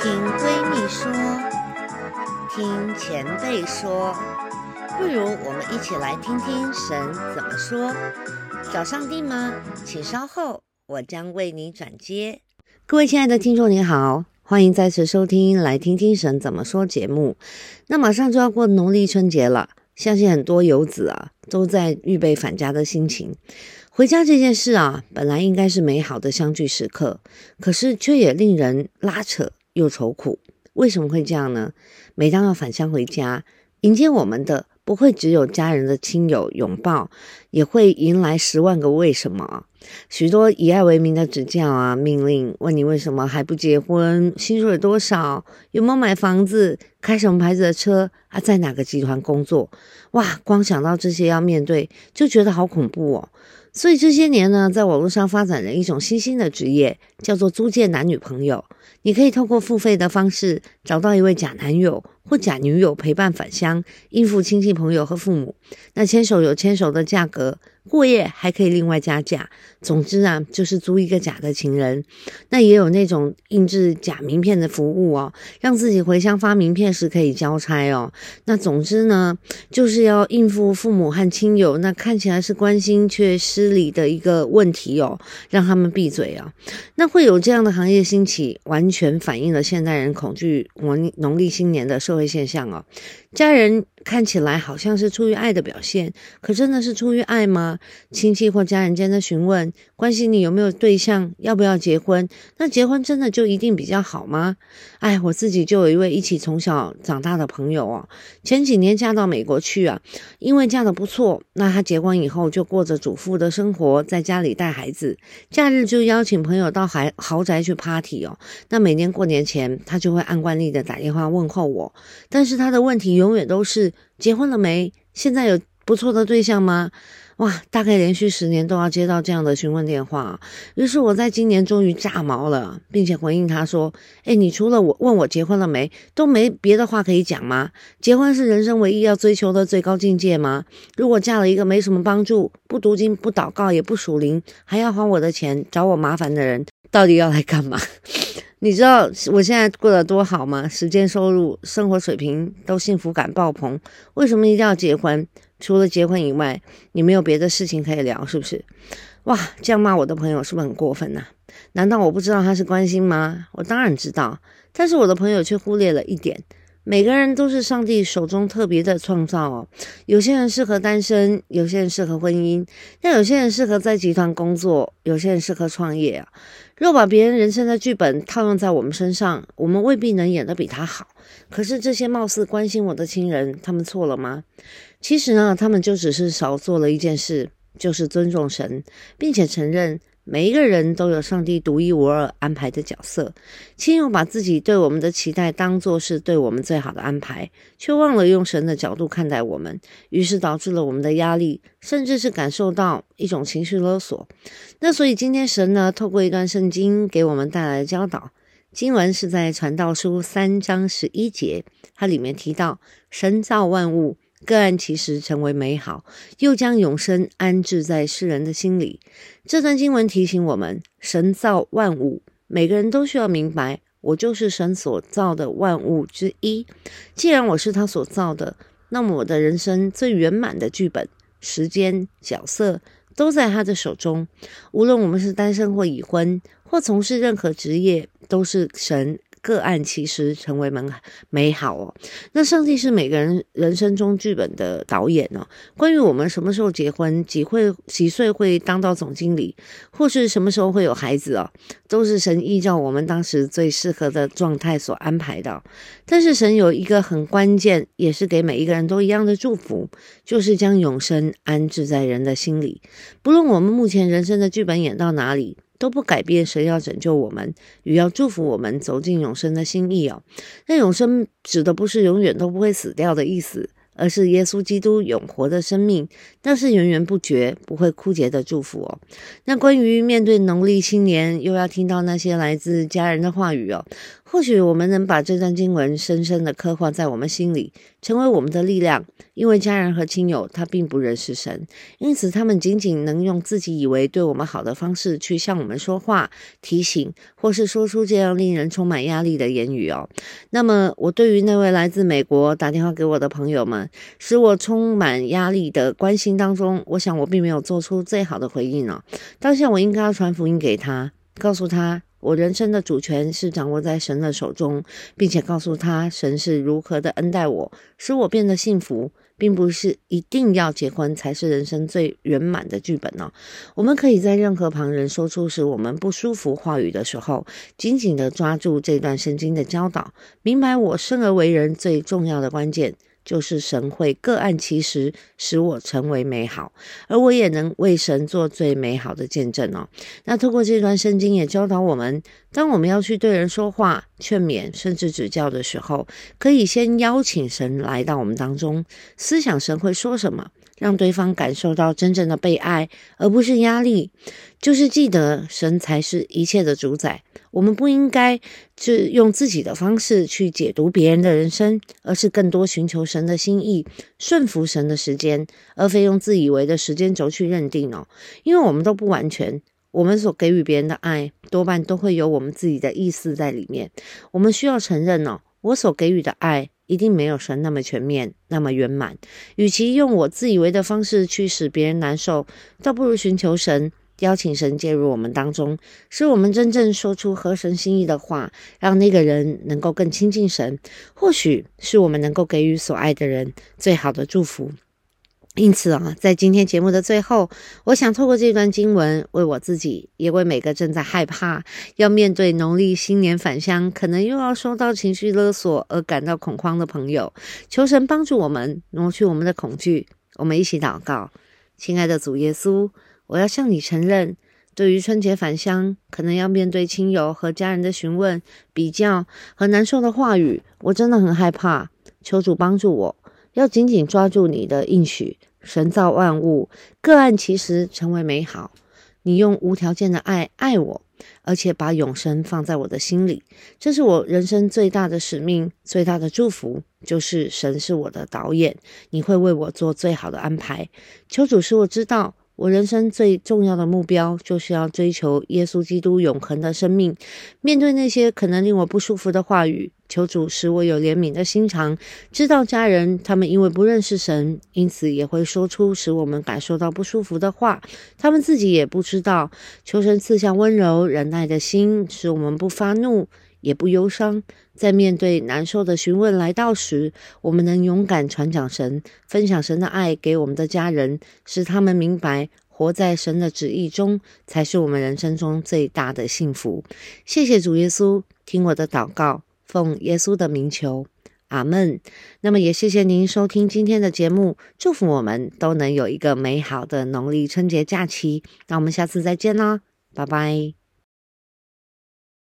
聽閨蜜說，聽前輩說，不如我們一起來聽聽神怎麼說。找上帝嗎？請稍後，我將為你轉接。各位親愛的聽眾，你好，歡迎再次收聽《來聽聽神怎麼說》節目。那馬上就要過農曆春節了，相信很多游子啊都在預備返家的心情。回家這件事啊，本來應該是美好的相聚時刻，可是卻也令人拉扯。又愁苦，為什麼會這樣呢？每當要返鄉回家，迎接我們的不會只有家人的親友擁抱，也會迎來十萬個為什麼，許多以愛為名的指教啊、命令，問你為什麼還不結婚，薪水多少，有沒有買房子，開什麼牌子的車啊，在哪個集團工作？哇，光想到這些要面對，就覺得好恐怖哦。所以這些年呢，在網絡上發展的一種新興的職業，叫做租借男女朋友。你可以透過付費的方式找到一位假男友或假女友陪伴返鄉，應付親戚朋友和父母。那牽手有牽手的價格。過夜還可以另外加價，總之啊，就是租一個假的情人。那也有那種印制假名片的服務哦，讓自己回鄉發名片時可以交差哦。那總之呢，就是要應付父母和親友，那看起來是關心卻失禮的一個問題哦，讓他們閉嘴啊、哦。那會有這樣的行業興起，完全反映了現代人恐懼農曆新年的社會現象啊、哦，家人。看起來好像是出於愛的表現，可真的是出於愛嗎？親戚或家人間的詢問，關心你有沒有對象，要不要結婚？那結婚真的就一定比較好嗎？哎，我自己就有一位一起從小長大的朋友哦，前幾年嫁到美國去啊，因為嫁得不錯，那她結婚以後就過着主婦的生活，在家裡帶孩子，假日就邀請朋友到豪豪宅去 party 哦。那每年過年前，她就會按慣例的打電話問候我，但是她的問題永遠都是。結婚了沒？現在有不錯的對象嗎？哇，大概連續十年都要接到這樣的詢問電話。於是我在今年終於炸毛了，並且回應他說：“誒，你除了我問我結婚了沒，都沒別的話可以講嗎？結婚是人生唯一要追求的最高境界嗎？如果嫁了一個沒什麼幫助、不讀經、不禱告、也不屬靈，還要花我的錢、找我麻煩的人，到底要來幹嘛？” 你知道我現在過得多好嗎？時間、收入、生活水平都幸福感爆棚。為什麼一定要結婚？除了結婚以外，你沒有別的事情可以聊，是不是？哇，這樣罵我的朋友是不是很過分呢？難道我不知道他是關心嗎？我當然知道，但是我的朋友卻忽略了一點：每個人都是上帝手中特別的創造哦。有些人適合單身，有些人適合婚姻，但有些人適合在集團工作，有些人適合創業啊。若把別人人生的劇本套用在我們身上，我們未必能演得比他好。可是這些貌似關心我的親人，他們錯了嗎？其實呢，他們就只是少做了一件事，就是尊重神，並且承認。每一個人都有上帝獨一無二安排的角色。親友把自己對我們的期待當做是對我們最好的安排，卻忘了用神的角度看待我們，於是導致了我們的壓力，甚至是感受到一種情緒勒索。那所以今天神呢，透過一段聖經給我們帶來的教導，經文是在傳道書三章十一節，它裡面提到神造萬物。各按其時成為美好，又將永生安置在世人的心裡。這段經文提醒我們，神造萬物，每個人都需要明白，我就是神所造的萬物之一。既然我是他所造的，那麼我的人生最圓滿的劇本、時間、角色都在他的手中。無論我們是單身或已婚，或從事任何職業，都是神。個案其實成為美美好哦，那上帝是每個人人生中劇本的導演哦。關於我們什麼時候結婚，幾歲幾歲會當到總經理，或是什麼時候會有孩子哦，都是神依照我們當時最適合的狀態所安排的。但是神有一個很關鍵，也是給每一個人都一樣的祝福，就是將永生安置在人的心裡。不論我們目前人生的劇本演到哪裡。都不改變，神要拯救我們，也要祝福我們走進永生的心意哦。那永生指的不是永遠都不會死掉的意思，而是耶穌基督永活的生命，那是源源不絕、不會枯竭的祝福哦。那關於面對農曆新年，又要聽到那些來自家人的話語哦。或許我們能把這段經文深深的刻畫在我們心裡，成為我們的力量。因為家人和親友他並不認識神，因此他們僅僅能用自己以為對我們好的方式去向我們說話、提醒，或是說出這樣令人充滿壓力的言語哦。那麼，我對於那位來自美國打電話給我的朋友們，使我充滿壓力的關心當中，我想我並沒有做出最好的回應哦。當下我應該要傳福音給他，告訴他。我人生的主權是掌握在神的手中，並且告訴他神是如何的恩待我，使我變得幸福，並不是一定要結婚才是人生最圓滿的劇本呢、哦？我們可以在任何旁人說出使我們不舒服話語的時候，緊緊的抓住這段聖經的教導，明白我生而為人最重要的關鍵。就是神會各按其時使我成為美好，而我也能為神做最美好的見證哦。那通過這段聖經也教導我們，當我們要去對人說話、勸勉，甚至指教的時候，可以先邀請神來到我們當中，思想神會說什麼。讓對方感受到真正的被愛，而不是壓力。就是記得神才是一切的主宰，我們不應該是用自己的方式去解讀別人的人生，而是更多尋求神的心意，順服神的時間，而非用自以為的時間軸去認定哦。因為我們都不完全，我們所給予別人的愛多半都會有我們自己的意思在裡面。我們需要承認哦，我所給予的愛。一定沒有神那麼全面，那麼圓滿。與其用我自以為的方式去使別人難受，倒不如尋求神，邀請神介入我們當中，使我們真正說出合神心意的話，讓那個人能夠更親近神。或許是我們能夠給予所愛的人最好的祝福。因此啊，在今天節目的最後，我想透過這段經文，為我自己，也為每個正在害怕要面對農曆新年返鄉，可能又要受到情緒勒索而感到恐慌的朋友，求神幫助我們挪去我們的恐懼。我們一起禱告，親愛的主耶穌，我要向你承認，對於春節返鄉，可能要面對親友和家人的詢問、比較和難受的話語，我真的很害怕。求主幫助我，要緊緊抓住你的應許。神造萬物，各按其時成為美好。你用無條件的愛愛我，而且把永生放在我的心裡，這是我人生最大的使命，最大的祝福。就是神是我的導演，你會為我做最好的安排。求主使我知道。我人生最重要的目標就是要追求耶穌基督永恆的生命。面對那些可能令我不舒服的話語，求主使我有憐憫的心腸，知道家人他們因為不認識神，因此也會說出使我們感受到不舒服的話，他們自己也不知道。求神賜下溫柔忍耐的心，使我們不發怒。也不憂傷，在面對難受的詢問來到時，我們能勇敢傳講神，分享神的愛給我們的家人，使他們明白活在神的旨意中才是我們人生中最大的幸福。謝謝主耶穌，聽我的禱告，奉耶穌的名求，阿門。那麼也謝謝您收聽今天的節目，祝福我們都能有一個美好的農曆春節假期。那我們下次再見啦，拜拜。